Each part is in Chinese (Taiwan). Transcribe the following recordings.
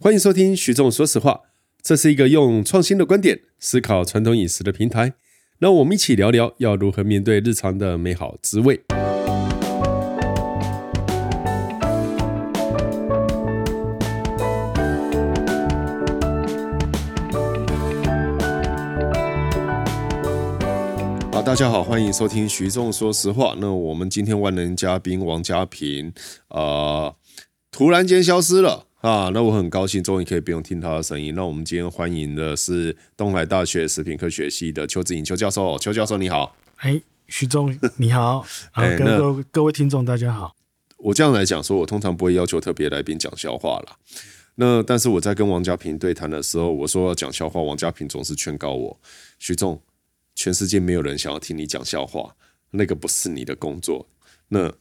歡迎收聽徐仲說實話，這是一個用創新的觀點思考傳統飲食的平台。那我們一起聊聊要如何面對日常的美好滋味、啊。大家好，歡迎收聽徐仲說實話。那我們今天萬能嘉賓王家平啊、呃，突然間消失了。啊，那我很高興，終於可以不用聽他的聲音。那我們今天歡迎的是東海大學食品科學系的邱志穎邱教授。邱教授你好，哎，徐總你好，各、 哎、各位聽眾大家好。我這樣來講說，我通常不會要求特別來賓講笑話啦。那但是我在跟王家平對談的時候，我說要講笑話，王家平總是勸告我，徐總，全世界沒有人想要聽你講笑話，那個不是你的工作。那。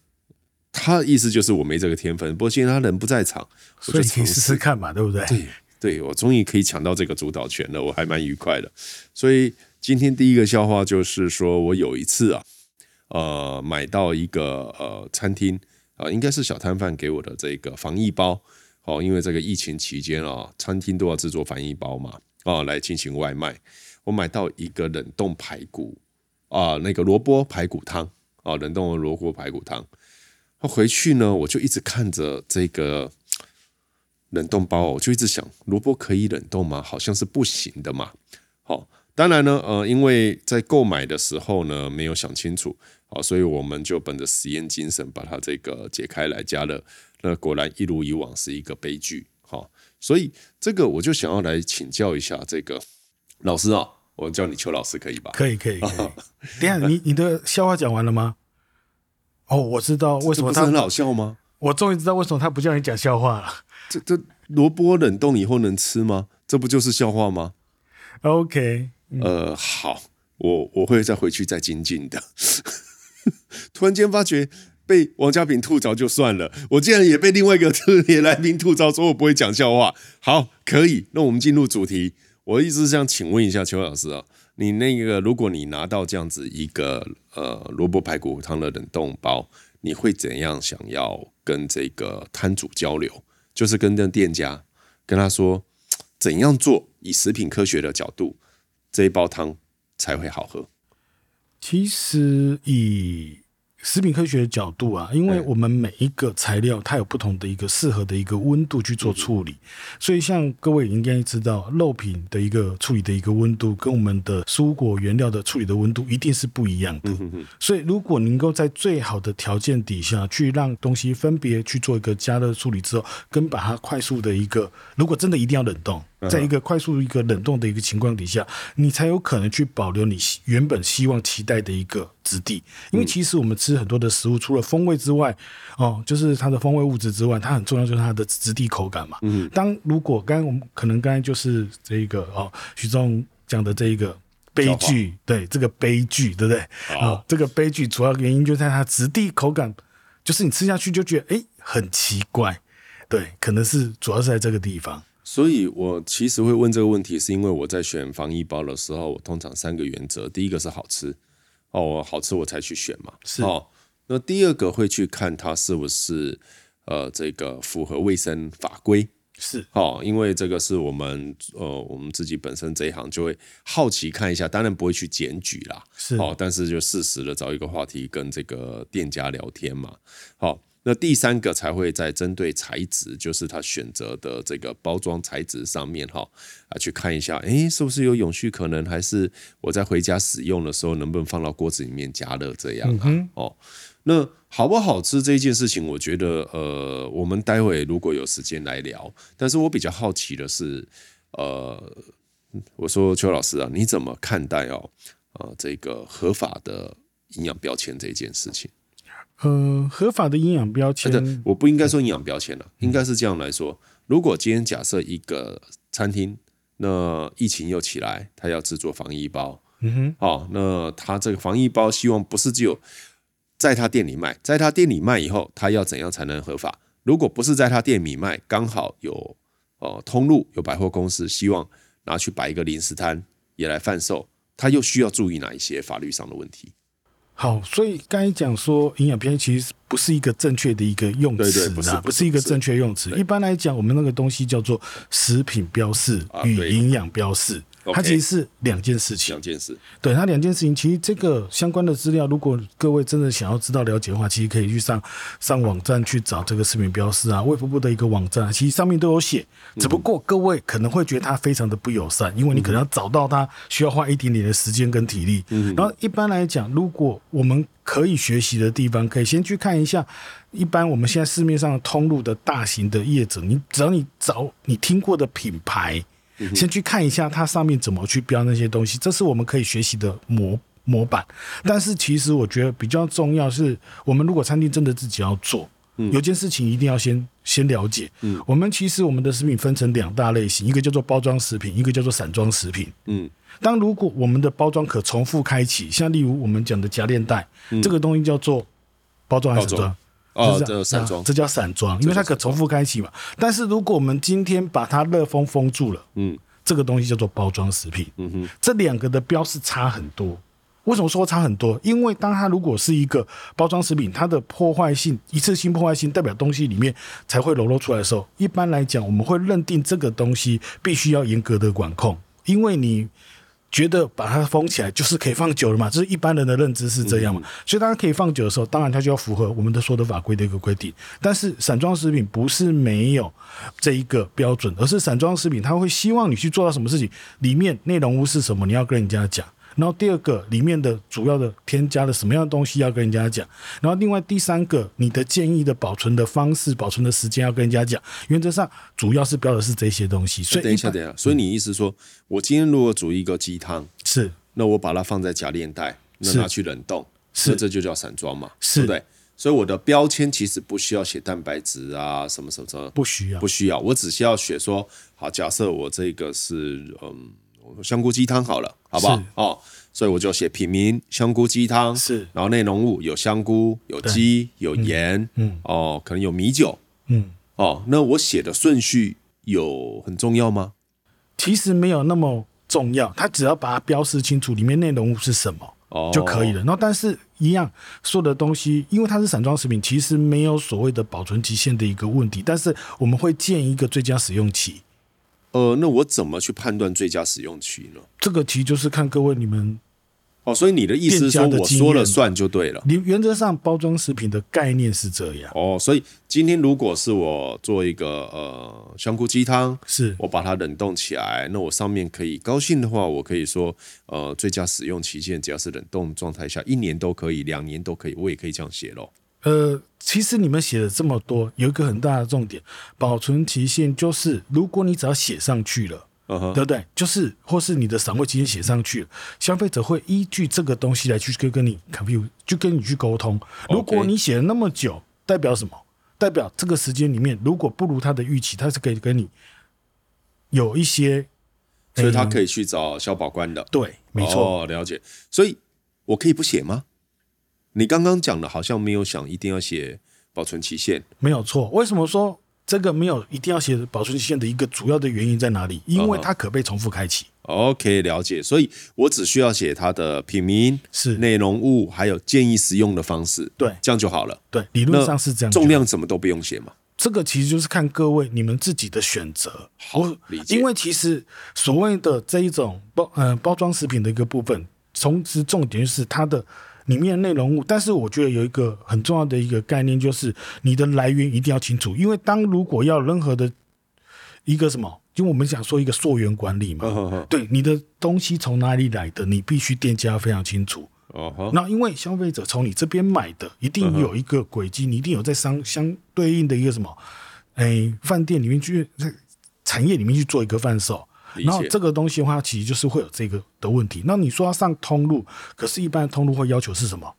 他的意思就是我沒這個天分，不過今天他人不在場，我就所以請試試看嘛，對不對？對，對我終於可以搶到這個主導權了，我還蠻愉快的。所以今天第一個笑話就是說，我有一次啊，呃，買到一個呃餐廳啊、呃，應該是小攤販給我的這個防疫包哦，因為這個疫情期間啊、哦，餐廳都要制作防疫包嘛，啊、哦，來進行外賣。我買到一個冷凍排骨啊、呃，那個蘿蔔排骨湯啊、哦，冷凍蘿蔔排骨湯。他回去呢，我就一直看着這個冷凍包、哦，我就一直想：蘿蔔可以冷凍嗎？好像是不行的嘛。好、哦，當然呢，呃，因為在購買的時候呢沒有想清楚，好、哦，所以我們就本着實驗精神把它這個解開來加熱。那果然一如以往是一個悲劇。好、哦，所以這個我就想要來請教一下這個老師啊、哦，我叫你邱老師可以吧？可以可以。可以 等下你你的笑話講完了嗎？哦，我知道為什麼他很好笑嗎？我終於知道為什麼他不叫你講笑話了。這這蘿蔔冷凍以後能吃嗎？這不就是笑話嗎？OK，嗯、呃，好，我我會再回去再精進的。 突然間發覺被王家平吐槽就算了，我竟然也被另外一個特別來賓吐槽，說我不會講笑話。好，可以，那我們進入主題。我一直想請問一下邱老師啊。你那個，如果你拿到這樣子一個呃蘿蔔排骨湯的冷凍包，你會怎樣想要跟這個攤主交流？就是跟那店家跟他說，怎樣做以食品科學的角度，這一包湯才會好喝？其實以。食品科學的角度啊，因為我們每一個材料它有不同的一個適合的一個溫度去做處理，所以像各位應該知道，肉品的一個處理的一個溫度跟我們的蔬果原料的處理的溫度一定是不一樣的。所以如果能夠在最好的條件底下去讓東西分別去做一個加熱處理之後，跟把它快速的一個，如果真的一定要冷凍。在一個快速，一個冷凍的一個情況底下，你才有可能去保留你原本希望期待的一個質地。因為其實我們吃很多的食物，除了風味之外，哦，就是它的風味物質之外，它很重要就是它的質地口感嘛。嗯。當如果剛剛我們可能剛才就是這一個哦，徐總講的這一個悲劇，對，這個悲劇對不對？啊、哦，這個悲劇主要原因就在它質地口感，就是你吃下去就覺得哎、欸、很奇怪，對，可能是主要是在這個地方。所以我其實會問這個問題，是因為我在選防疫包的時候，我通常三個原則：第一個是好吃，哦，好吃我才去選嘛。是哦，那第二個會去看它是不是呃這個符合衛生法規。是哦，因為這個是我們呃我們自己本身這一行就會好奇看一下，當然不會去檢舉啦。是哦，但是就事實的找一個話題跟這個店家聊天嘛。好、哦。那第三個才會在針對材質，就是他選擇的這個包裝材質上面哈啊，去看一下，誒，是不是有永續可能？還是我在回家使用的時候，能不能放到鍋子裡面加熱這樣、嗯、哦，那好不好吃這一件事情，我覺得呃，我們待會如果有時間來聊。但是我比較好奇的是，呃，我說邱老師啊，你怎麼看待哦，呃，這個合法的營養標籤這件事情？呃、嗯，合法的營養標籤，我不應該說營養標籤了，嗯、應該是這樣來說，如果今天假設一個餐廳，那疫情又起來，他要製作防疫包，嗯哼，哦，那他這個防疫包希望不是只有在他店裡賣，在他店裡賣以後，他要怎樣才能合法？如果不是在他店裡賣，剛好有哦、呃、通路，有百貨公司，希望拿去擺一個臨時攤也來販售，他又需要注意哪一些法律上的問題？好，所以剛才講說營養標籤其實不是一個正確的一個用詞，啊，不，不，不是一個正確用詞。一般來講，我們那個東西叫做食品標示與營養標示。啊 Okay, 它其實是兩件事情，兩、嗯、件事。對，它兩件事情，其實這個相關的資料，如果各位真的想要知道了解的話，其實可以去上上網站去找這個食品標示啊，衛福部的一個網站，其實上面都有寫。只不過各位可能會覺得它非常的不友善、嗯，因為你可能要找到它，需要花一點點的時間跟體力、嗯。然後一般來講，如果我們可以學習的地方，可以先去看一下。一般我們現在市面上通路的大型的業者，你只要你找你聽過的品牌。先去看一下它上面怎麼去標那些東西，這是我們可以學習的模模板。但是其實我覺得比較重要的是，我們如果餐廳真的自己要做，嗯、有件事情一定要先先了解，嗯。我們其實我們的食品分成兩大類型，一個叫做包裝食品，一個叫做散裝食品。嗯，當如果我們的包裝可重複開啟，像例如我們講的夾鏈袋，嗯，這個東西叫做包裝還是散裝？哦，就是、這，這是散裝，啊，這叫散裝，因為它可重複開啟嘛。但是如果我們今天把它熱封封住了，嗯，這個東西叫做包裝食品，嗯哼，這兩個的標示差很多。為什麼說差很多？因為當它如果是一個包裝食品，它的破壞性、一次性破壞性代表東西裡面才會裸露出來的時候，一般來講我們會認定這個東西必須要嚴格的管控，因為你。覺得把它封起來就是可以放久了嘛，這、就是一般人的認知是這樣嘛，嗯、所以它可以放久的時候，當然它就要符合我們的所有的法規的一個規定。但是散裝食品不是沒有這一個標準，而是散裝食品它會希望你去做到什麼事情，裡面內容物是什麼，你要跟人家講。然後第二個裡面的主要的添加了什麼樣的東西要跟人家講，然後另外第三個，你的建議的保存的方式、保存的時間要跟人家講。原則上主要是標的是這些東西。所以等一下，等一下。所以你意思說、嗯、我今天如果煮一個雞湯，是，那我把它放在夾鏈袋，那拿去冷凍，是，這就叫散裝嘛，是不對？所以我的標籤其實不需要寫蛋白質啊什麼什麼的什麼，不需要，不需要。我只需要寫說，好，假設我這個是嗯。香菇雞湯好了，好不好？哦，所以我就寫品名：香菇雞湯。是，然後內容物有香菇、有雞、有鹽嗯，嗯，哦，可能有米酒，嗯，哦。那我寫的順序有很重要嗎？其實沒有那麼重要，它只要把它標示清楚裡面內容物是什麼就可以了。那、哦哦、但是一樣，所有的東西，因為它是散裝食品，其實沒有所謂的保存期限的一個問題，但是我們會建一個最佳使用期。呃，那我怎麼去判斷最佳使用期呢？這個題就是看各位你們哦。所以你的意思是說我說了算就對了？你原則上包裝食品的概念是這樣哦，所以今天如果是我做一個呃香菇雞湯，是我把它冷凍起來，那我上面可以高興的話，我可以說呃最佳使用期限只要是冷凍狀態下一年都可以，兩年都可以，我也可以這樣寫嘍。呃。其實你們寫了這麼多，有一個很大的重點，保存期限就是，如果你只要寫上去了，嗯、uh -huh.，對不對？就是或是你的散會期間寫上去了，消費者會依據這個東西來去跟跟你，就跟你去溝通。Okay. 如果你寫了那麼久，代表什麼？代表這個時間裡面，如果不如他的預期，他是可以跟你有一些，所以他可以去找消保官的，對，沒錯、哦，了解。所以我可以不寫嗎？你剛剛講的，好像沒有想一定要寫保存期限，沒有錯。為什麼說這個沒有一定要寫保存期限的一個主要的原因在哪裡？因為它可被重複開啟。Uh-huh. OK，了解。所以我只需要寫它的品名、是內容物，還有建議使用的方式，對，這樣就好了。對，理論上是這樣。重量什麼都不用寫嗎？這個其實就是看各位你們自己的選擇。好，理解，因為其實所謂的這一種包，嗯、呃，包裝食品的一個部分，從此重點就是它的，裡面的內容物，但是我覺得有一個很重要的一個概念，就是你的來源一定要清楚。因為當如果要任何的一個什麼，就我們想說一個溯源管理嘛，uh -huh. 對，你的東西從哪裡來的，你必須店家非常清楚。哦，那因為消費者從你這邊買的，一定有一個軌跡，你一定有在商，相對應的一個什麼，哎、欸，飯店裡面去，在產業裡面去做一個販售。然後這個東西的話，其實就是會有這個的問題。那你說要上通路，可是，一般通路會要求是什麼？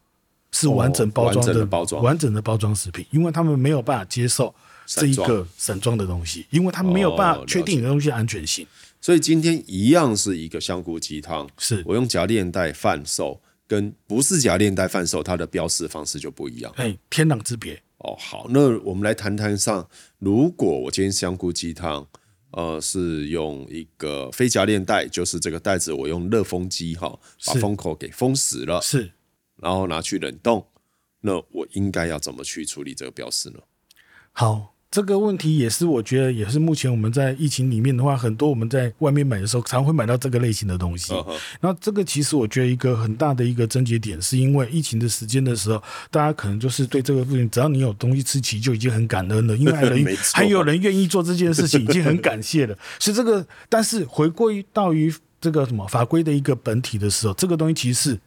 是完整包裝的，哦，完整的包裝，完整的包裝食品，因為他們沒有辦法接受這一個散裝的東西，因為他們沒有辦法確定的東西的安全性，哦。所以今天一樣是一個香菇雞湯，是我用夾鏈袋販售，跟不是夾鏈袋販售，它的標示方式就不一樣，哎，天壤之別哦。好，那我們來談談上，如果我今天香菇雞湯。呃，是用一個非夾鏈袋，就是這個袋子，我用熱封機哈、哦、把封口給封死了，是，然後拿去冷凍，那我應該要怎麼去處理這個標示呢？好。這個問題也是，我覺得也是目前我們在疫情裡面的話，很多我們在外面買的時候，常會買到這個類型的東西。那、Uh-huh. 這個其實我覺得一個很大的一個症結點，是因為疫情的時間的時候，大家可能就是對這個事情，只要你有東西吃起就已經很感恩了，因為還有人， 還有人願意做這件事情，已經很感謝了。是這個，但是回歸到於這個什麼法規的一個本體的時候，這個東西其實是。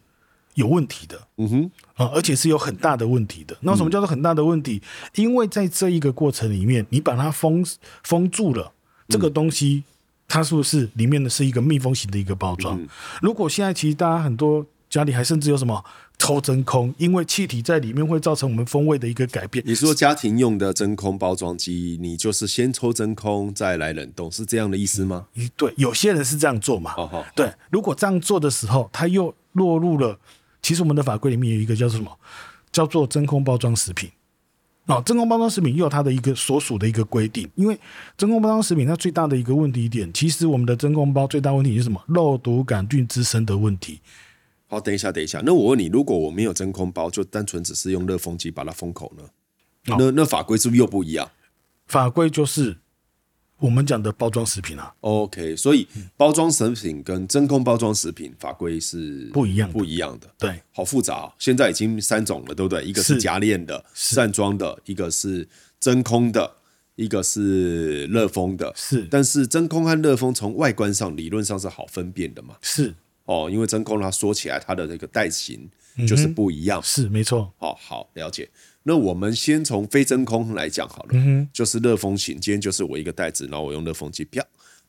有問題的，嗯哼，啊，而且是有很大的問題的。那什麼叫做很大的問題？嗯、因為在這一個過程裡面，你把它封封住了，這個東西、嗯、它是不是裡面的是一個密封型的一個包裝、嗯？如果現在其實大家很多家裡還甚至有什麼抽真空，因為氣體在裡面會造成我們風味的一個改變。你說家庭用的真空包裝機，你就是先抽真空再來冷凍，是這樣的意思嗎、嗯？對，有些人是這樣做嘛。哦、對、哦，如果這樣做的時候，它又落入了。其實我們的法規裡面有一個叫做什麼？叫做真空包裝食品。啊、哦，真空包裝食品又有它的一個所屬的一個規定。因為真空包裝食品，它最大的一個問題點，其實我們的真空包最大問題就是什麼？肉毒桿菌滋生的問題。好，等一下，等一下。那我問你，如果我沒有真空包，就單純只是用熱封機把它封口呢？那那法規是不是又不一樣？法規就是。我們講的包裝食品啊，OK，所以包裝食品跟真空包裝食品法規是不一，不一樣的，不一樣的，對，好複雜、哦。現在已經三種了，對不對？一個是夾鏈的，散裝的；一個是真空的，一個是熱封的。是，但是真空和熱封從外觀上理論上是好分辨的嘛？是哦，因為真空它說起來它的那個袋型就是不一樣、嗯。是，沒錯。哦，好，了解。那我們先從非真空來講好了，就是熱封型。今天就是我一個袋子，然後我用熱封機，啪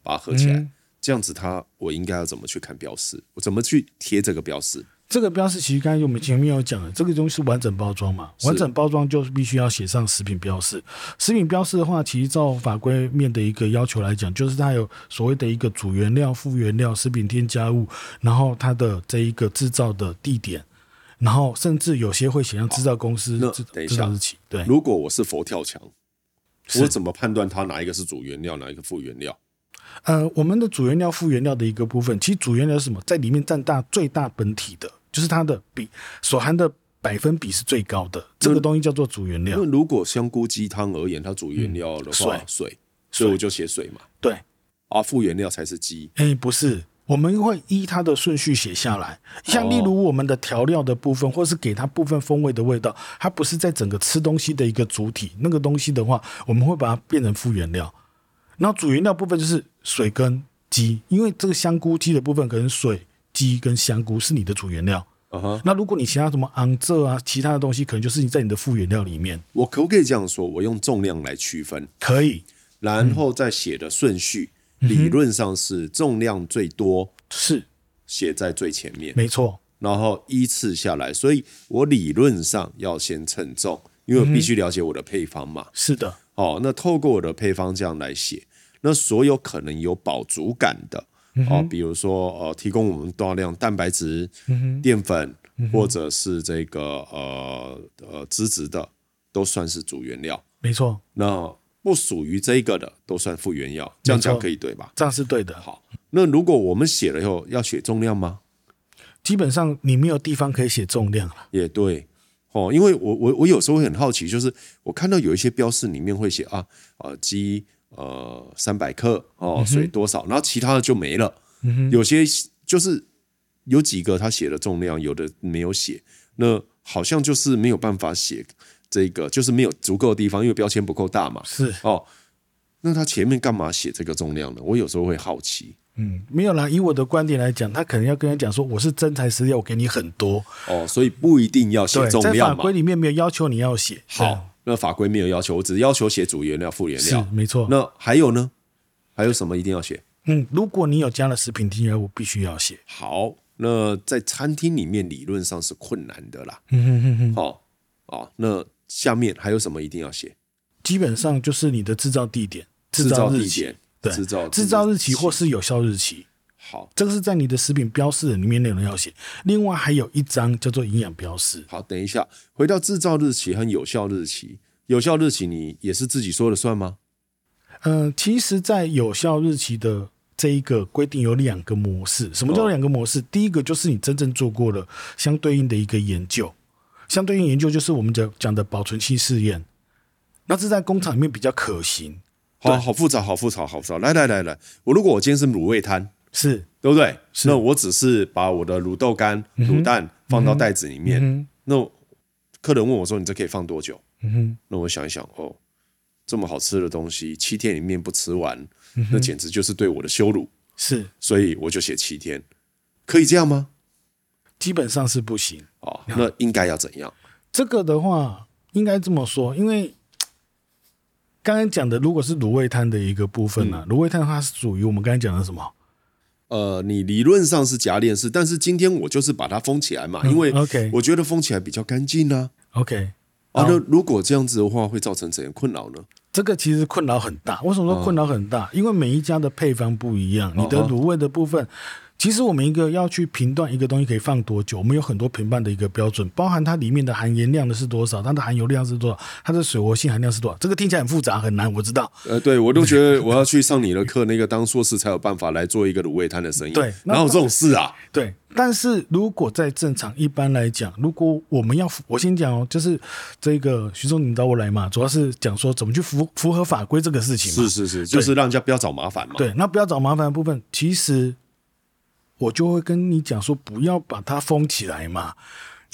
把它合起來，這樣子它我應該要怎麼去看標示？我怎麼去貼這個標示？這個標示其實剛才我們前面有講了，這個東西是完整包裝嘛，完整包裝就是必須要寫上食品標示。食品標示的話，其實照法規面的一個要求來講，就是它有所謂的一個主原料、副原料、食品添加物，然後它的這一個製造的地點。然後，甚至有些會寫像製造公司、製造日期、哦，等一下。對，如果我是佛跳牆，我怎麼判斷它哪一個是主原料，哪一個副原料？呃，我們的主原料、副原料的一個部分，其實主原料是什麼，在裡面占大最大本體的，就是它的比所含的百分比是最高的，嗯、這個東西叫做主原料。因為、嗯、如果香菇雞湯而言，它主原料的話、嗯，水，水，所以我就寫水嘛水。對，啊，副原料才是雞。哎、欸，不是。我們會依它的順序寫下來，像例如我們的調料的部分，或是給它部分風味的味道，它不是在整個吃東西的一個主體。那個東西的話，我們會把它變成副原料。那主原料部分就是水跟雞，因為這個香菇雞的部分，可能水、雞跟香菇是你的主原料。Uh-huh。那如果你其他什麼昂這啊，其他的東西，可能就是你在你的副原料裡面。我可不可以這樣說？我用重量來區分？可以。然後再寫的順序。嗯。嗯理論上是重量最多是寫在最前面，沒錯。然後依次下來，所以我理論上要先稱重，因為我必須了解我的配方嘛。是的，哦，那透過我的配方這樣來寫，那所有可能有飽足感的，嗯、哦，比如說呃，提供我們多量蛋白質、嗯、澱粉、嗯、或者是這個呃呃脂質的，都算是主原料。沒錯。那不屬於這個的都算複原藥，這樣講可以對吧？這樣是對的。好，那如果我們寫了以後要寫重量嗎？基本上你沒有地方可以寫重量了。也對哦，因為我我我有時候會很好奇，就是我看到有一些標示裡面會寫啊啊雞呃三百、呃、克哦，所以多少、嗯，然後其他的就沒了。嗯、有些就是有幾個他寫的重量，有的沒有寫，那好像就是沒有辦法寫。這個就是沒有足夠的地方，因為標籤不夠大嘛。是哦，那他前面幹嘛寫這個重量呢？我有時候會好奇。嗯，沒有啦，以我的觀點來講，他可能要跟人講說，我是真材實料，我給你很多哦，所以不一定要寫重量。在法規裡面沒有要求你要寫。好，那法規沒有要求，我只要求寫主原料、副原料。是，沒錯。那還有呢？還有什麼一定要寫？嗯，如果你有加了食品添加劑，我必須要寫。好，那在餐廳裡面理論上是困難的啦。嗯嗯嗯。哦，啊、哦，那。下面還有什麼一定要寫？基本上就是你的製造地點、製造日期、製造製造、造日期或是有效日期。好，這個是在你的食品標示裡面內容要寫。另外還有一張叫做營養標示。好，等一下回到製造日期和有效日期。有效日期你也是自己說了算嗎？嗯、呃，其實，在有效日期的這一個規定有兩個模式。什麼叫兩個模式、哦？第一個就是你真正做過了相對應的一個研究。相對應研究就是我們講講的保存期試驗，那這在工廠裡面比較可行。好、啊，好複雜，好複雜，好複雜。來來來來，我如果我今天是滷味攤，是，對不對？是，那我只是把我的滷豆乾、滷、嗯、蛋放到袋子裡面。嗯、那客人問我說：“你這可以放多久？”嗯，那我想一想，哦，這麼好吃的東西，七天裡面不吃完、嗯，那簡直就是對我的羞辱。是，所以我就寫七天，可以這樣嗎？基本上是不行。哦，那應該要怎樣？這個的話，應該這麼說，因為剛剛講的如果是滷味攤的一個部分呢、啊，滷、嗯、味攤它是屬於我們剛才講的什麼？呃，你理論上是夾鏈式，但是今天我就是把它封起來嘛，嗯、因為 OK，我覺得封起來比較乾淨呢。OK，那、啊 okay 啊、如果這樣子的話，會造成怎樣困擾呢？這個其實困擾很大。為、嗯、什麼說困擾很大、嗯？因為每一家的配方不一樣，嗯、你的滷味的部分。嗯嗯其實我們一個要去評斷一個東西可以放多久，我們有很多評判的一個標準，包含它裡面的含鹽量的是多少，它的含油量是多少，它的水活性含量是多少。這個聽起來很複雜很難，我知道。呃，對，我都覺得我要去上你的課，那個當碩士才有辦法來做一個滷味攤的生意。對，哪有這種事啊？對，但是如果在正常一般來講，如果我們要，我先講哦，就是這個徐總，你找我來嘛，主要是講說怎麼去符符合法規這個事情。是是是，就是讓人家不要找麻煩嘛。對，那不要找麻煩的部分，其實。我就會跟你講說，不要把它封起來嘛。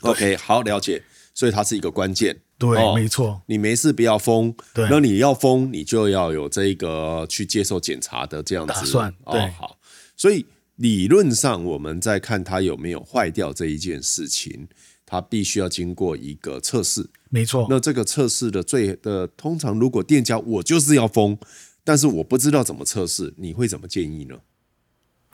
OK，好，了解，所以它是一個關鍵。對、哦，沒錯。你沒事不要封。對。那你要封，你就要有這個去接受檢查的這樣子。打算、哦。對。好。所以理論上，我們在看它有沒有壞掉這一件事情，它必須要經過一個測試。沒錯。那這個測試的最的通常，如果店家我就是要封，但是我不知道怎麼測試，你會怎麼建議呢？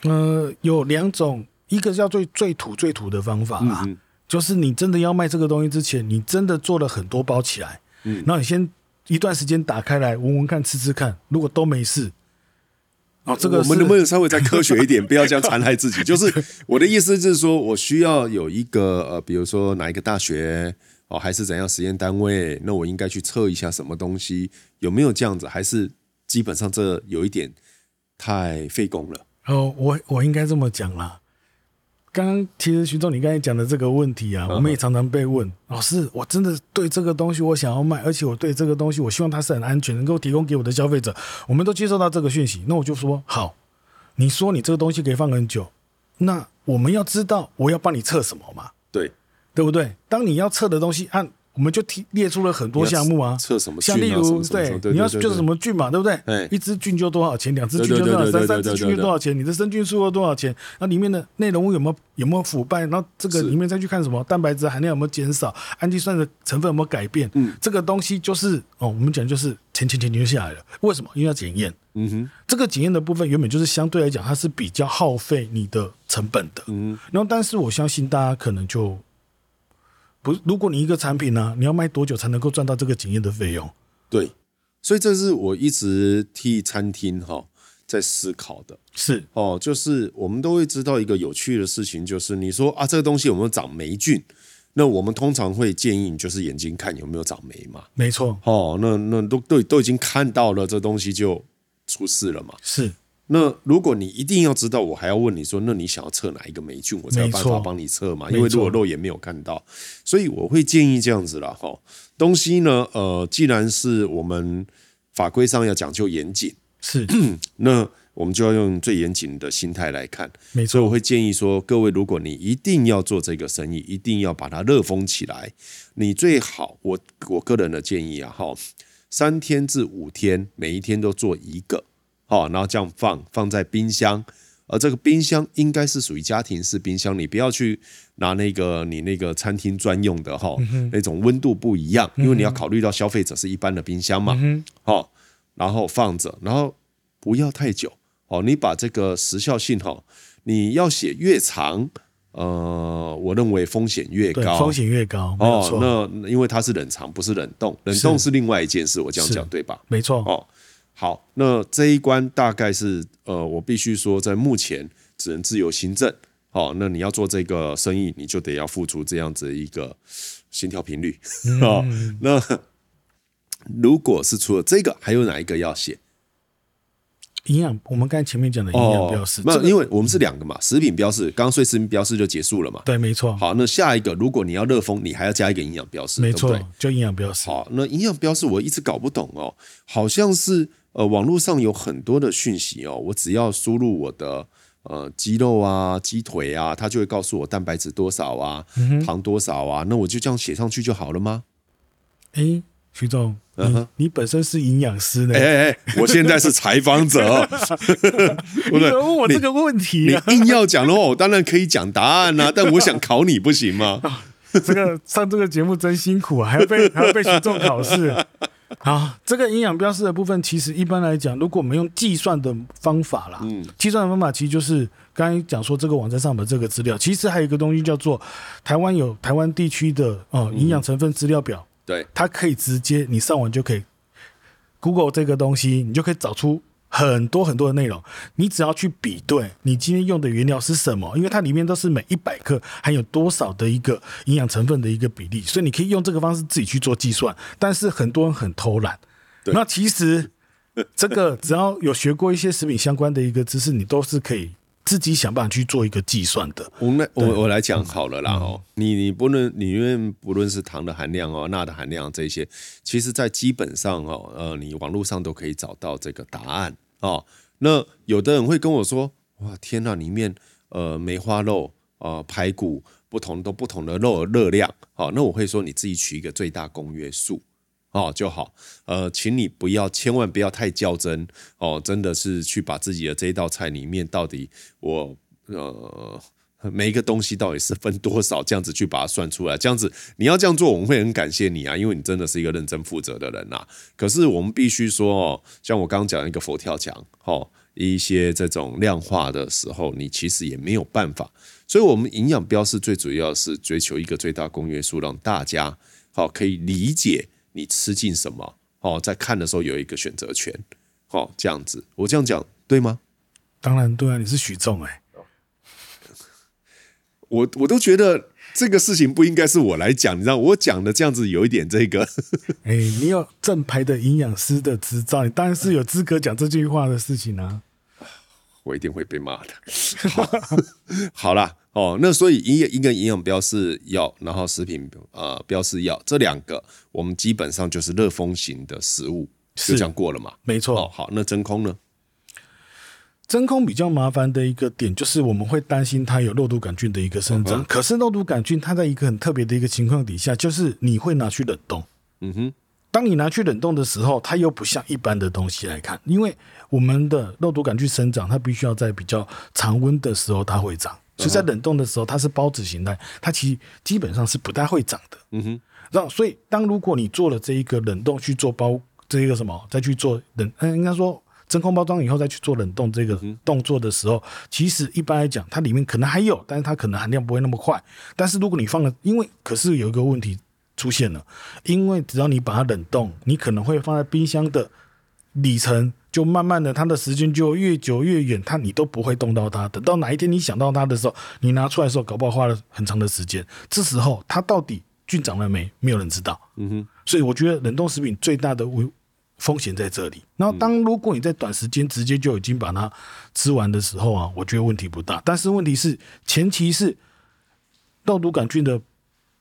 呃，有兩種，一個叫最最土最土的方法啊，嗯，就是你真的要賣這個東西之前，你真的做了很多包起來，嗯，然後你先一段時間打開來聞聞看，吃吃看，如果都沒事，哦，這個我們能不能稍微再科學一點？ 不要這樣殘害自己？就是我的意思，就是說我需要有一個呃，比如說哪一個大學哦，還是怎樣實驗單位，那我應該去測一下什麼東西有沒有這樣子，還是基本上這有一點太費工了。哦、呃，我我應該這麼講啦。剛剛其實徐總，你剛才講的這個問題啊，我們也常常被問。老、嗯、師、哦，我真的對這個東西我想要賣，而且我對這個東西我希望它是很安全，能夠提供給我的消費者，我們都接受到這個訊息。那我就說好，你說你這個東西可以放很久，那我們要知道我要幫你測什麼嘛？對，對不對？當你要測的東西按。我們就提列出了很多項目啊，測什麼、啊？像例如，什麼什麼什麼對，你要就是什麼菌嘛，對不對,對,對,對？一支菌就多少錢，兩支菌就多少錢對對對對，三支菌就多少錢？對對對對你的生菌數要多少錢？那裡面的內容物有沒有有沒有腐敗？那這個裡面再去看什麼蛋白質含量有沒有減少，氨基酸的成分有沒有改變？嗯、這個東西就是哦，我們講就是錢錢錢就下來了。為什麼？因為要檢驗。嗯哼，這個檢驗的部分原本就是相對來講它是比較耗費你的成本的。嗯，然後但是我相信大家可能就。不，如果你一個產品呢？啊，你要賣多久才能夠賺到這個檢驗的費用？對，所以這是我一直替餐廳哈、哦、在思考的。是哦，就是我們都會知道一個有趣的事情，就是你說啊，這個東西有沒有長黴菌？那我們通常會建議你就是眼睛看有沒有長黴嘛。沒錯，哦，那那都都都已經看到了，這東西就出事了嘛。是。那如果你一定要知道，我還要問你說，那你想要測哪一個黴菌，我才有辦法幫你測嘛？因為如果肉眼沒有看到，所以我會建議這樣子啦齁。東西呢，呃，既然是我們法規上要講究嚴謹，是 那我們就要用最嚴謹的心態來看。沒錯，所以我會建議說，各位，如果你一定要做這個生意，一定要把它熱封起來。你最好，我我個人的建議啊，哈，三天至五天，每一天都做一個。好，然後這樣放放在冰箱，而這個冰箱應該是屬於家庭式冰箱，你不要去拿那個你那個餐廳專用的哈、嗯，那種溫度不一樣，因為你要考慮到消費者是一般的冰箱嘛，哈、嗯，然後放着，然後不要太久哦，你把這個時效性哈，你要寫越長，呃，我認為風險越高，風險越高，哦，那因為它是冷藏，不是冷凍，冷凍是另外一件事，我這樣講對吧？沒錯，哦。好，那這一關大概是呃，我必須說，在目前只能自由行政。好、哦，那你要做這個生意，你就得要付出這樣子一個心跳頻率啊、嗯哦。那如果是除了這個，還有哪一個要寫？營養，我們剛才前面講的營養標示、哦，那、這個、因為我們是兩個嘛，食品標示，剛所以食品標示就結束了嘛。對，沒錯。好，那下一個，如果你要熱封，你還要加一個營養標示，沒錯，就營養標示。好，那營養標示我一直搞不懂哦，好像是。呃，網絡上有很多的訊息哦，我只要輸入我的呃雞肉啊、雞腿啊，它就會告訴我蛋白質多少啊、嗯、糖多少啊，那我就這樣寫上去就好了嗎？哎、欸，徐總、嗯你，你本身是營養師呢哎哎、欸欸、我現在是採訪者，不 能 問我這個問題、啊你。你硬要講的話，我當然可以講答案啊。但我想考你，不行嗎、啊啊？這個上這個節目真辛苦啊，還要被還要被徐總考試、啊。啊，這個營養標示的部分，其實一般來講，如果我們用計算的方法啦，嗯、計算的方法其實就是剛才講說這個網站上的這個資料，其實還有一個東西叫做台灣有台灣地區的哦營養成分資料表，嗯，對，它，可以直接你上網就可以，Google 這個東西，你就可以找出。很多很多的內容，你只要去比對，你今天用的原料是什麼？因為它裡面都是每一百克含有多少的一個營養成分的一個比例，所以你可以用這個方式自己去做計算。但是很多人很偷懶，那其實這個只要有學過一些食品相關的一個知識，你都是可以自己想辦法去做一個計算的。我，那我我來講好了啦，然後、嗯、你你不論，你無論不論是糖的含量哦、鈉的含量這些，其實在基本上哦呃，你網絡上都可以找到這個答案。哦，那有的人會跟我說：“哇，天吶、啊，裡面呃梅花肉呃，排骨，不同都不同的肉的熱量。”哦，那我會說你自己取一個最大公約數，哦就好。呃，請你不要，千萬不要太較真哦，真的是去把自己的這一道菜裡面到底我呃。每一個東西到底是分多少，這樣子去把它算出來，這樣子你要這樣做，我們會很感謝你啊，因為你真的是一個認真負責的人吶、啊。可是我們必須說哦，像我剛剛講一個佛跳牆，哦，一些這種量化的時候，你其實也沒有辦法。所以，我們營養標示最主要的是追求一個最大公約數，讓大家哦可以理解你吃進什麼哦，在看的時候有一個選擇權哦，這樣子，我這樣講對嗎？當然對啊，你是許總哎。我我都覺得這個事情不應該是我來講，你知道，我講的這樣子有一點這個。哎、欸，你有正牌的營養師的執照，你當然是有資格講這句話的事情啊。我一定會被罵的。好， 好啦，哦，那所以營應該營養標示要，然後食品呃標示要這兩個，我們基本上就是熱封型的食物，就講過了嘛。沒錯、哦。好，那真空呢？真空比較麻煩的一個點就是，我們會擔心它有肉毒桿菌的一個生長。可是肉毒桿菌它在一個很特別的一個情況底下，就是你會拿去冷凍。嗯哼，當你拿去冷凍的時候，它又不像一般的東西來看，因為我們的肉毒桿菌生長，它必須要在比較常溫的時候它會長。所以在冷凍的時候，它是孢子形態，它其實基本上是不太會長的。嗯哼，讓所以當如果你做了這一個冷凍去做包，這一個什麼再去做冷，嗯，應該說。真空包裝以後再去做冷凍這個動作的時候，嗯、其實一般來講，它裡面可能還有，但是它可能含量不會那麼快。但是如果你放了，因為可是有一個問題出現了，因為只要你把它冷凍，你可能會放在冰箱的裡層，就慢慢的，它的時間就越久越遠，它你都不會動到它的。等到哪一天你想到它的時候，你拿出來的時候，搞不好花了很長的時間，這時候它到底菌長了沒，沒有人知道。嗯哼，所以我覺得冷凍食品最大的危。風險在這裡。然後，當如果你在短時間直接就已經把它吃完的時候啊，我覺得問題不大。但是問題是，前提是肉毒桿菌的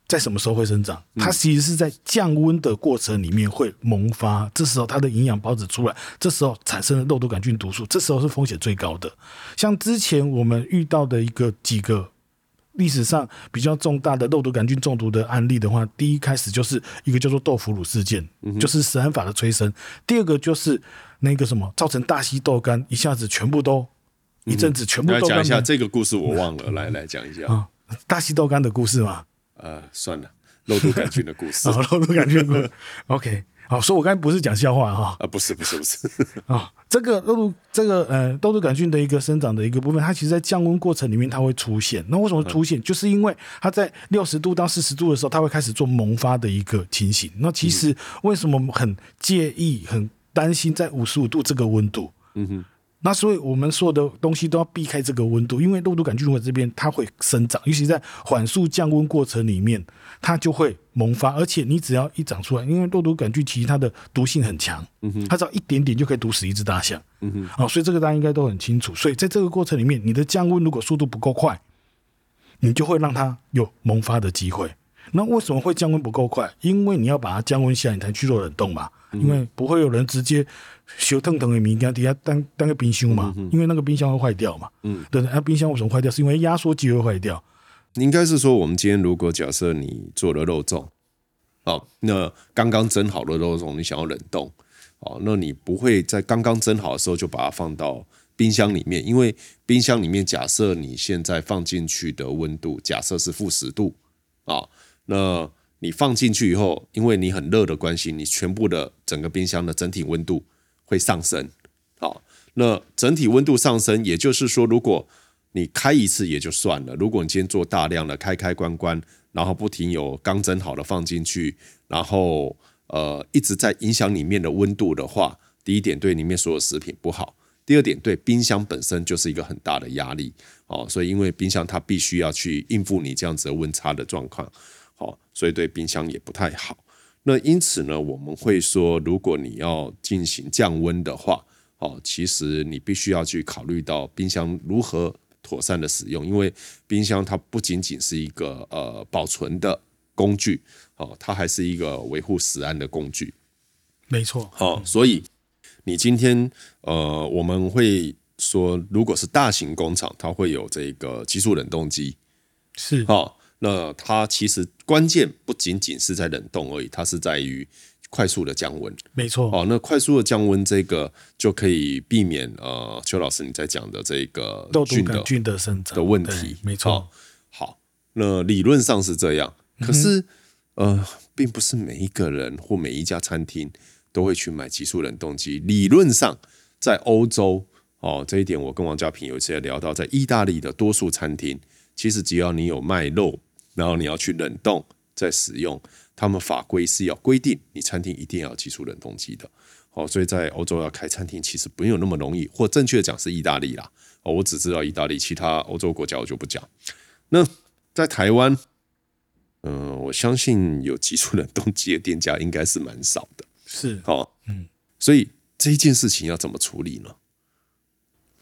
在什麼時候會生長？它其實是在降溫的過程裡面會萌發，這時候它的營養孢子出來，這時候產生了肉毒桿菌毒素，這時候是風險最高的。像之前我們遇到的一個幾個。歷史上比較重大的肉毒桿菌中毒的案例的話，第一開始就是一個叫做豆腐乳事件，嗯，就是食安法的催生；第二個就是那個什麼，造成大溪豆干一下子全部都、嗯、一陣子全部都，干。講一下這個故事我忘了，嗯、來來講一下啊、哦，大溪豆干的故事嗎？呃、算了，肉毒桿菌的故事。好、 哦，肉毒桿菌的 ，OK。好、哦，所以我剛才不是講笑話哈、哦，啊，不是不是不是啊、哦 這個，這個肉毒這個呃，肉毒桿菌的一個生長的一個部分，它其實，在降溫過程裡面，它會出現。那為什麼會出現？嗯、就是因為它在六十度到四十度的時候，它會開始做萌發的一個情形。那其實為什麼很介意、嗯、很擔心在五十五度這個溫度？嗯哼。那所以，我們所有的東西都要避開這個溫度，因為肉毒桿菌如果這邊它會生長，尤其在緩速降溫過程裡面，它就會萌發。而且你只要一長出來，因為肉毒桿菌其實它的毒性很強，它只要一點點就可以毒死一隻大象。嗯哼，哦，所以這個大家應該都很清楚。所以在這個過程裡面，你的降溫如果速度不夠快，你就會讓它有萌發的機會。那為什麼會降溫不夠快？因為你要把它降溫下，你才去做冷凍嘛。嗯。因為不會有人直接。燒燙燙的米缸底下當當個冰箱嘛，因為那個冰箱會壞掉嘛。嗯，對，啊，冰箱為什麼壞掉？是因為壓縮機會壞掉。應該是說，我們今天如果假設你做了肉粽，哦，啊，那剛剛蒸好的肉粽，你想要冷凍，啊，那你不會在剛剛蒸好的時候就把它放到冰箱裡面，因為冰箱裡面假設你現在放進去的溫度假設是負十度啊，哦，那你放進去以後，因為你很熱的關係，你全部的整個冰箱的整體溫度。會上升，那整體溫度上升，也就是說，如果你開一次也就算了，如果你今天做大量的開開關關，然後不停有剛蒸好的放進去，然後呃一直在影響裡面的溫度的話，第一點對裡面所有食品不好，第二點對冰箱本身就是一個很大的壓力，哦，所以因為冰箱它必須要去應付你這樣子的溫差的狀況，所以對冰箱也不太好。那因此呢，我們會說，如果你要進行降溫的話，哦，其實你必須要去考慮到冰箱如何妥善的使用，因為冰箱它不僅僅是一個呃保存的工具，哦，它還是一個維護食安的工具。沒錯。好、哦嗯，所以你今天呃，我們會說，如果是大型工廠，它會有這個急速冷凍機。是。哦。那它其實關鍵不僅僅是在冷凍而已，它是在於快速的降溫。沒錯、哦、那快速的降溫這個就可以避免呃，邱老師你在講的這個的豆毒桿菌的生長的問題。沒錯、哦，好，那理論上是這樣，可是、嗯、呃，並不是每一個人或每一家餐廳都會去買急速冷凍機。理論上，在歐洲哦，這一點我跟王家平有一次聊到，在意大利的多數餐廳，其實只要你有賣肉。然後你要去冷凍再使用，他們法規是要規定你餐廳一定要有技術冷凍機的哦，所以在歐洲要開餐廳其實不用那麼容易，或正確的講是意大利啦，我只知道意大利，其他歐洲國家我就不講。那在台灣，嗯，我相信有技術冷凍機的店家應該是蠻少的，是哦、嗯，所以這一件事情要怎麼處理呢？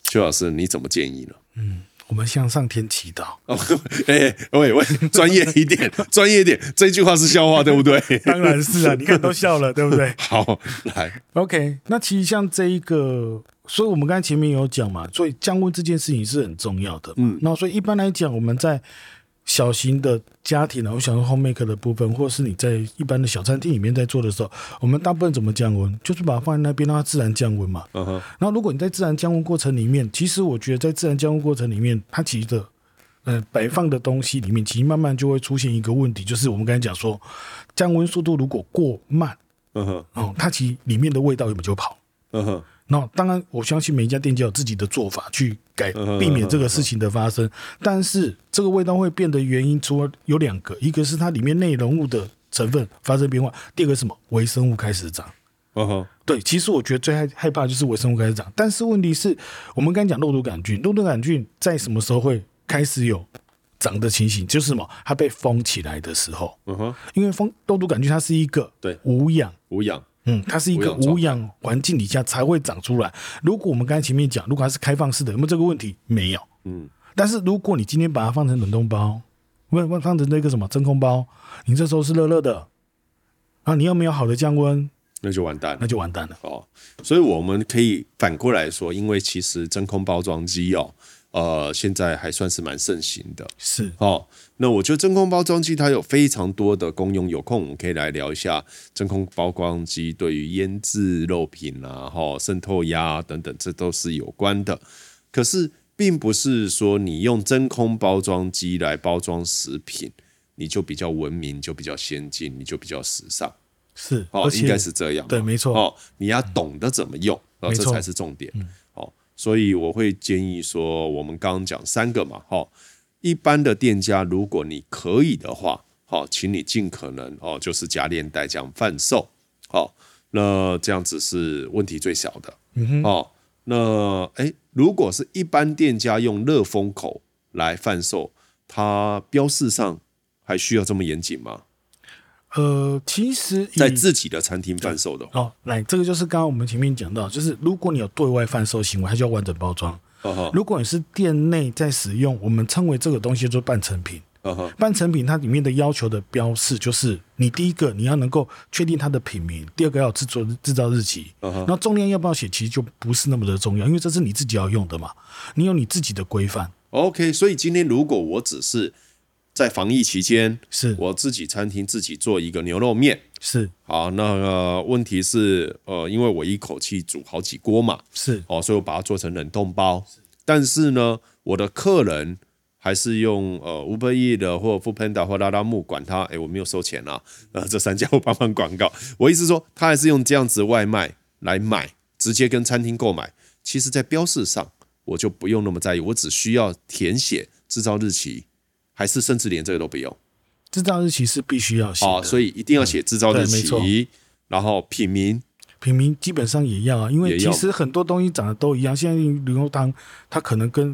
邱老師，你怎麼建議呢？嗯我們向上天祈禱。哎，喂喂，專業一點，專業一點。這一句話是笑話，對不對？ 當然是啊，你看都笑了， 對不對？好，來，OK。那其實像這一個，所以我們剛才前面有講嘛，所以降溫這件事情是很重要的。嗯，那所以一般來講，我們在，小型的家庭然後想要 homemake 的部分，或者是你在一般的小餐廳裡面在做的時候，我們大部分怎麼降溫？就是把它放在那邊讓它自然降溫嘛。Uh-huh. 然後如果你在自然降溫過程裡面，其實我覺得在自然降溫過程裡面，它其實的呃擺放的東西裡面，其實慢慢就會出現一個問題，就是我們剛才講說，降溫速度如果過慢，嗯哼，哦，它其實裡面的味道有沒有就跑？嗯哼。那、no, 當然，我相信每一家店家有自己的做法去改避免這個事情的發生。Uh -huh, uh -huh, uh -huh. 但是這個味道會變的原因出，除了有兩個，一個是它裡面內容物的成分發生變化，第二個是什麼？微生物開始長。嗯哼，對，其實我覺得最害害怕的就是微生物開始長。但是問題是我們剛才講肉毒桿菌，肉毒桿菌在什麼時候會開始有長的情形？就是什麼？它被封起來的時候。嗯哼，因為封肉毒桿菌它是一個對無氧無氧。Uh -huh. 無氧嗯，它是一個無氧環境底下才會長出來。如果我們剛才前面講，如果它是開放式的，有沒有這個問題？沒有。嗯，但是如果你今天把它放成冷凍包，問問放成那個什麼真空包，你這時候是熱熱的，啊，你又沒有好的降溫，那就完蛋，那就完蛋了。哦，所以我們可以反過來說，因為其實真空包裝機哦。呃，現在還算是蠻盛行的，是哦。那我覺得真空包裝機它有非常多的功用，有空我們可以來聊一下真空包裝機對於醃製肉品啊、吼滲透壓、啊、等等，這都是有關的。可是，並不是說你用真空包裝機來包裝食品，你就比較文明，就比較先進，你就比較時尚，是哦，應該是這樣，對，沒錯哦。你要懂得怎麼用，這、嗯啊、才是重點。嗯所以我會建議說，我們剛剛講三個嘛，一般的店家，如果你可以的話，好，請你盡可能哦，就是夾鏈袋這樣販售，好，那這樣子是問題最小的，嗯哼，那如果是一般店家用熱封口來販售，它標示上還需要這麼嚴謹嗎？呃，其實，在自己的餐廳販售的。哦。來，這個就是剛剛我們前面講到，就是如果你有對外販售行為，它就要完整包裝，哦。如果你是店內在使用，我們稱為這個東西做半成品，哦。半成品它裡面的要求的標示，就是你第一個你要能夠確定它的品名，第二個要製作製造日期。那，哦，重量要不要寫？其實就不是那麼的重要，因為這是你自己要用的嘛，你有你自己的規範。OK，所以今天如果我只是。在防疫期間，是我自己餐廳自己做一個牛肉麵，是好。那、呃、問題是，呃，因為我一口氣煮好幾鍋嘛，是哦，所以我把它做成冷凍包。但是呢，我的客人還是用呃 Uber Eats，或 Foodpanda 或 Lalamove，管他哎、欸，我沒有收錢啊。呃，這三家我幫幫忙廣告。我意思說，他還是用這樣子外賣來買，直接跟餐廳購買。其實，在標示上，我就不用那麼在意，我只需要填寫制造日期。還是甚至連這個都不用，製造日期是必須要寫的，哦，所以一定要寫製造日期，嗯。然後品名，品名基本上也要，啊，因為其實很多東西長得都一樣。現在牛肉湯，它可能跟，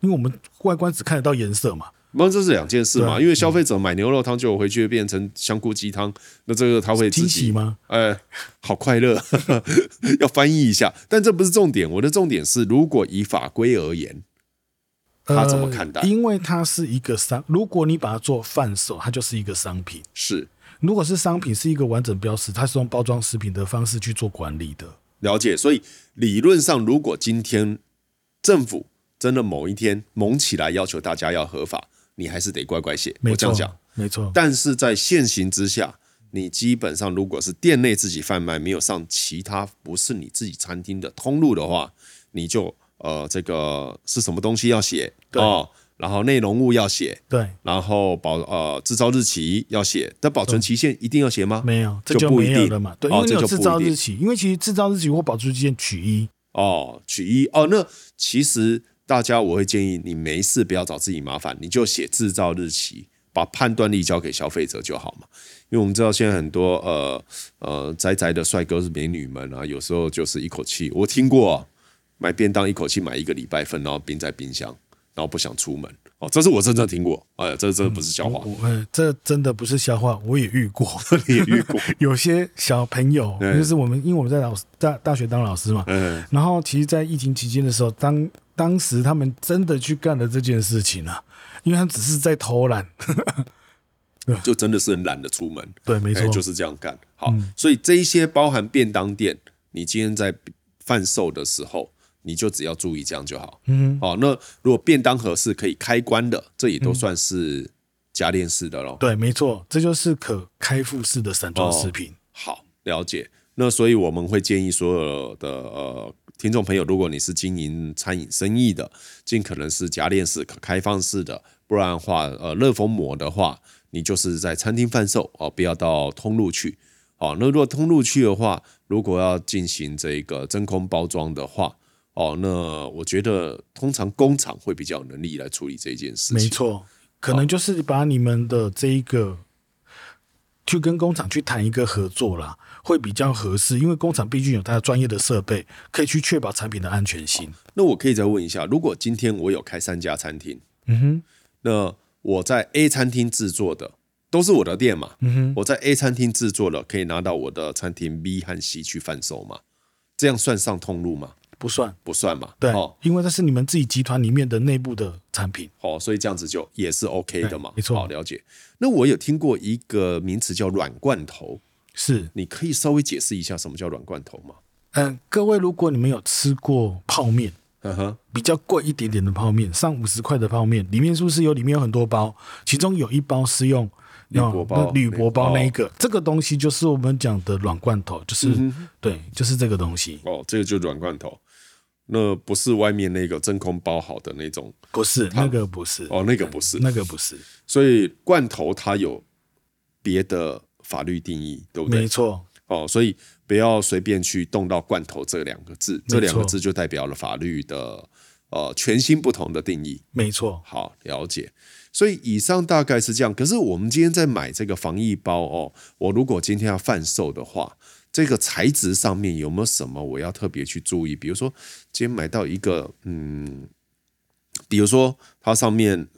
因為我們外觀只看得到顏色嘛，那這是兩件事嘛。因為消費者買牛肉湯就回去變成香菇雞湯，嗯，那這個他會驚喜嗎？哎，呃，好快樂， 要翻譯一下。但這不是重點，我的重點是，如果以法規而言。他怎麼看待、呃？因為它是一個商，如果你把它做販售，它就是一個商品。是，如果是商品，是一個完整標示，它是用包裝食品的方式去做管理的。了解。所以理論上，如果今天政府真的某一天猛起來要求大家要合法，你還是得乖乖寫。沒錯，我這樣講，沒錯。但是在現行之下，你基本上如果是店內自己販賣，沒有上其他不是你自己餐廳的通路的話，你就。呃，這個是什麼東西要寫，對哦，然後內容物要寫，對，然後保呃製造日期要寫，但保存期限一定要寫嗎？沒有，這就就沒有，沒有、哦，這就不一定了嘛。對，因為有製造日期，因為其實製造日期或保存期限取一哦，取一哦。那其實大家，我會建議你沒事不要找自己麻煩，你就寫製造日期，把判斷力交給消費者就好嘛。因為我們知道現在很多呃呃宅宅的帥哥是美女們啊，有時候就是一口氣，我聽過、啊。買便當，一口氣買一個禮拜份，然後冰在冰箱，然後不想出門哦。這是我真正聽過，哎呀、嗯，這真的不是笑話。哎，這真的不是笑話，我也遇過，也遇過。 有些小朋友，嗯、就是我們，因為我們在老大大學當老師嘛，嗯、然後其實，在疫情期間的時候，當當時他們真的去幹了這件事情啊，因為他只是在偷懶， 就真的是很懶得出門。對，沒錯，哎、就是這樣幹。好，嗯、所以這一些包含便當店，你今天在販售的時候。你就只要注意這樣就好。嗯、哦，好。那如果便當盒是可以開關的，這也都算是夾鏈式的了。嗯、對，沒錯，這就是可開復式的散裝食品。好，了解。那所以我們會建議所有的呃聽眾朋友，如果你是經營餐飲生意的，儘可能是夾鏈式可開放式的，不然的話，呃，熱封膜的話，你就是在餐廳販售哦，不要到通路去。好、哦，那如果通路去的話，如果要進行這個真空包裝的話。哦，那我覺得通常工廠會比較有能力來處理這一件事情。沒錯，可能就是把你們的這一個，哦，去跟工廠去談一個合作啦，會比較合適，因為工廠畢竟有它的專業的設備，可以去確保產品的安全性。哦，那我可以再問一下，如果今天我有開三家餐廳，嗯哼，那我在 A 餐廳製作的都是我的店嘛，嗯哼，我在 A 餐廳製作的可以拿到我的餐廳 B 和 C 去販售嘛？這樣算上通路嗎？不算不算嘛，對、哦，因為這是你們自己集團裡面的內部的產品，哦，所以這樣子就也是 OK 的嘛，沒錯，好，了解。那我有聽過一個名詞叫軟罐頭，是，你可以稍微解釋一下什麼叫軟罐頭嗎？嗯、呃，各位如果你們有吃過泡麵，嗯哼，比較貴一點點的泡麵上五十塊的泡麵，裡面是不是有裡面有很多包，其中有一包是用鋁箔、嗯、包，鋁箔包那一個、哦、這個東西就是我們講的軟罐頭，就是、嗯、對，就是這個東西哦，這個就是軟罐頭。那不是外面那個真空包好的那種，不是那個不是哦，那個不是、嗯、那個不是，所以罐頭它有別的法律定義，對不對？沒錯哦，所以不要隨便去動到罐頭這兩個字，這兩個字就代表了法律的呃全新不同的定義。沒錯，好，了解。所以以上大概是這樣，可是我們今天在買這個防疫包哦，我如果今天要販售的話。這個材質上面有沒有什麼我要特別去注意？比如說，今天買到一個，嗯，比如說它上面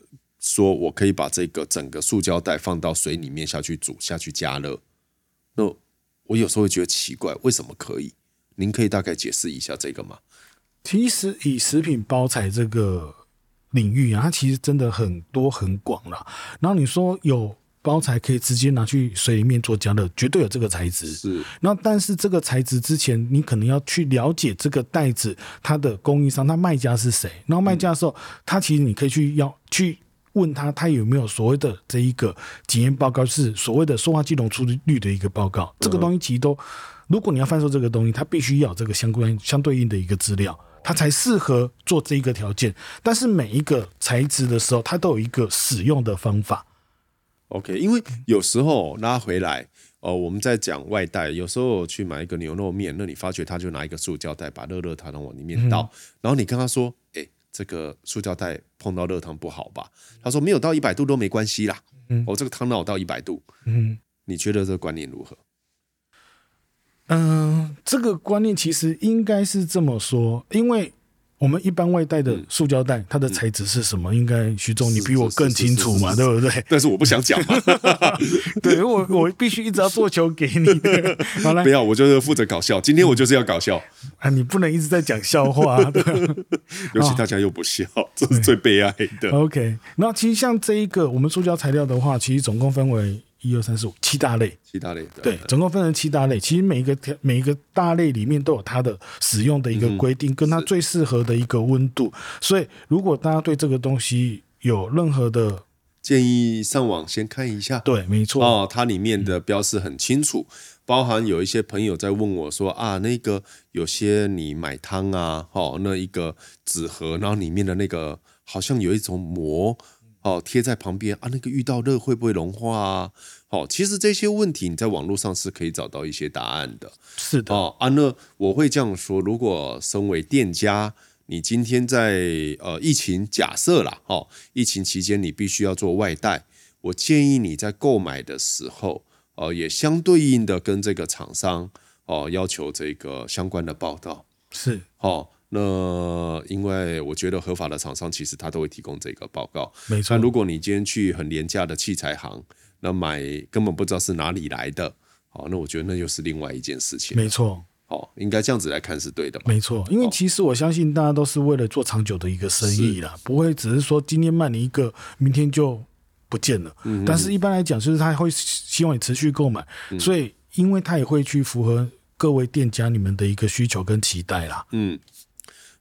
說我可以把這個整個塑膠袋放到水裡面下去煮、下去加熱，那我有時候會覺得奇怪，為什麼可以？您可以大概解釋一下這個嗎？其實以食品包材這個領域啊，它其實真的很多、很廣啦。然後你說有、包材可以直接拿去水裡面做加熱，絕對有這個材質，是，那但是這個材質之前，你可能要去了解這個袋子，它的供應商，它賣家是誰。然後賣家的時候，他、嗯、其實你可以去要，去問他，他有沒有所謂的這一個檢驗報告，就是所謂的塑化劑溶出率的一個報告、嗯。這個東西其實都，如果你要販售這個東西，它必須要有這個相關相對應的一個資料，它才適合做這一個條件。但是每一個材質的時候，它都有一個使用的方法。OK，因為有時候拉回來，哦、呃，我們在講外帶，有時候去買一個牛肉麵，那你發覺他就拿一個塑膠袋把熱熱湯往裡面倒、嗯，然後你跟他說：“誒、欸，這個塑膠袋碰到熱湯不好吧？”他說：“沒有，到一百度都沒關係啦。嗯”我、哦、這個湯讓我到一百度。嗯，你覺得這個觀念如何？嗯、呃，這個觀念其實應該是這麼說，因為。我們一般外帶的塑膠袋、嗯，它的材質是什麼？應該徐總你比我更清楚嘛，是是是是是對不對？但是我不想講嘛， 對，我我必須一直要做球給你的。好，來，不要，我就是負責搞笑。今天我就是要搞笑啊！你不能一直在講笑話、啊，尤其大家又不笑、， 哦，這是最悲哀的。OK，然後其實像這一個，我們塑膠材料的話，其實總共分為。一二三四五七大類，七大類對、嗯，總共分成七大類。其實每一個每一個大類裡面都有它的使用的一個規定、嗯，跟它最適合的一個溫度。所以，如果大家對這個東西有任何的建議，上網先看一下。對，沒錯，哦，它裡面的標示很清楚。嗯、包含有一些朋友在問我說啊，那個有些你買湯啊，哦，那一個紙盒，然後裡面的那個好像有一種膜。哦，貼在旁邊啊，那個遇到熱會不會融化啊？哦，其實這些問題你在網絡上是可以找到一些答案的。是的、哦、啊，那我會這樣說，如果身為店家，你今天在呃疫情假設啦哦，疫情期間你必須要做外帶，我建議你在購買的時候，呃，也相對應的跟這個廠商哦、呃、要求這個相關的報道。是，哦。那因為我覺得合法的廠商其實他都會提供這個報告，沒錯。但如果你今天去很廉價的器材行，那買根本不知道是哪裡來的，好，那我覺得那又是另外一件事情。沒錯，哦，應該這樣子來看是對的。沒錯，因為其實我相信大家都是為了做長久的一個生意啦，不會只是說今天賣你一個，明天就不見了。嗯。但是一般來講，就是他會希望你持續購買，嗯，所以因為他也會去符合各位店家你們的一個需求跟期待啦。嗯。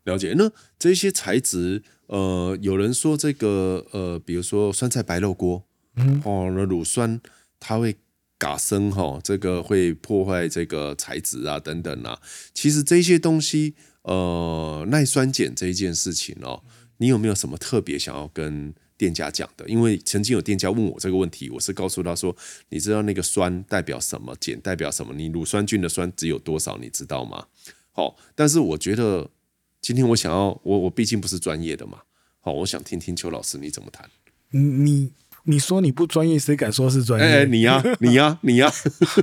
了解。那這些材質，呃，有人說這個呃，比如說酸菜白肉鍋、嗯，哦，那乳酸它會嘎生哈，這個會破壞這個材質啊，等等啊。其實這些東西，呃，耐酸鹼這一件事情哦，你有沒有什麼特別想要跟店家講的？因為曾經有店家問我這個問題，我是告訴他說，你知道那個酸代表什麼，鹼代表什麼？你乳酸菌的酸值有多少？你知道嗎？好、哦，但是我覺得。今天我想要我我畢竟不是專業的嘛，好，我想聽聽邱老師你怎麼談。你你你說你不專業，誰敢說是專業？哎、欸欸，你呀、啊，你呀、啊，你呀、啊。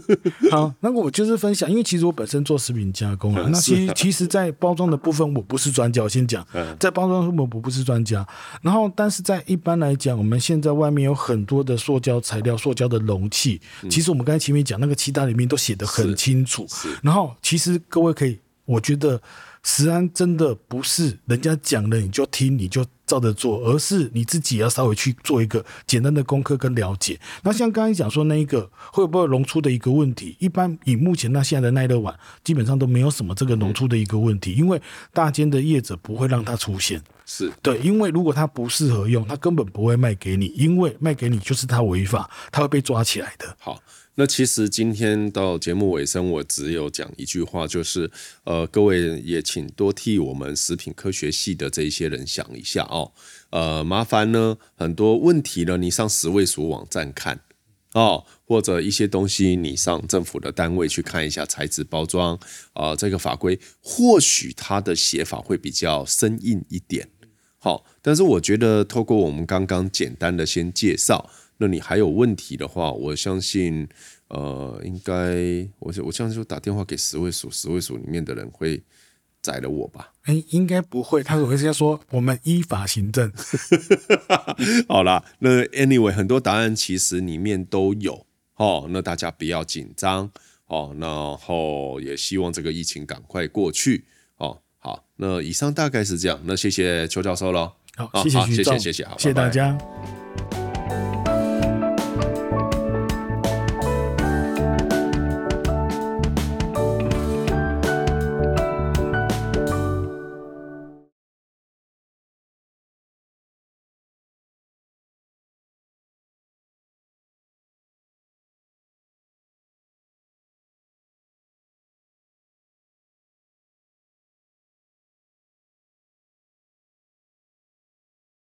好，那我就是分享，因為其實我本身做食品加工啊、嗯，那其實、啊、其實，在包裝的部分我不是專家，我先講，在包裝的部分我不是專家。然後，但是在一般來講，我們現在外面有很多的塑膠材料、塑膠的容器，其實我們剛才前面講那個其他裡面都寫得很清楚。然後，其實各位可以，我覺得。食安真的不是人家講了你就聽你就照着做，而是你自己要稍微去做一個簡單的功課跟了解。那像剛才講說那一個會不會溶出的一個問題，一般以目前那現在的耐熱碗，基本上都沒有什麼這個溶出的一個問題，因為大間的業者不會讓它出現。是對，因為如果它不適合用，它根本不會賣給你，因為賣給你就是它違法，它會被抓起來的。好。那其實今天到節目尾聲，我只有講一句話，就是呃，各位也請多替我們食品科學系的這些人想一下哦。呃，麻煩呢，很多問題呢，你上十位數網站看哦，或者一些東西你上政府的單位去看一下材質包裝啊、呃，這個法規或許它的寫法會比較生硬一點。好、哦，但是我覺得透過我們剛剛簡單的先介紹。那你還有問題的話，我相信，呃，應該我我相信就打電話給十位所，十位所裡面的人會宰了我吧？哎、欸，應該不會，他會回答說我們依法行政。 好啦，那 anyway，很多答案其實裡面都有哦。那大家不要緊張哦，然後也希望這個疫情趕快過去哦。好，那以上大概是這樣。那謝謝邱教授嘍。好謝謝、哦，謝謝，謝謝，謝謝，謝謝大家。拜拜。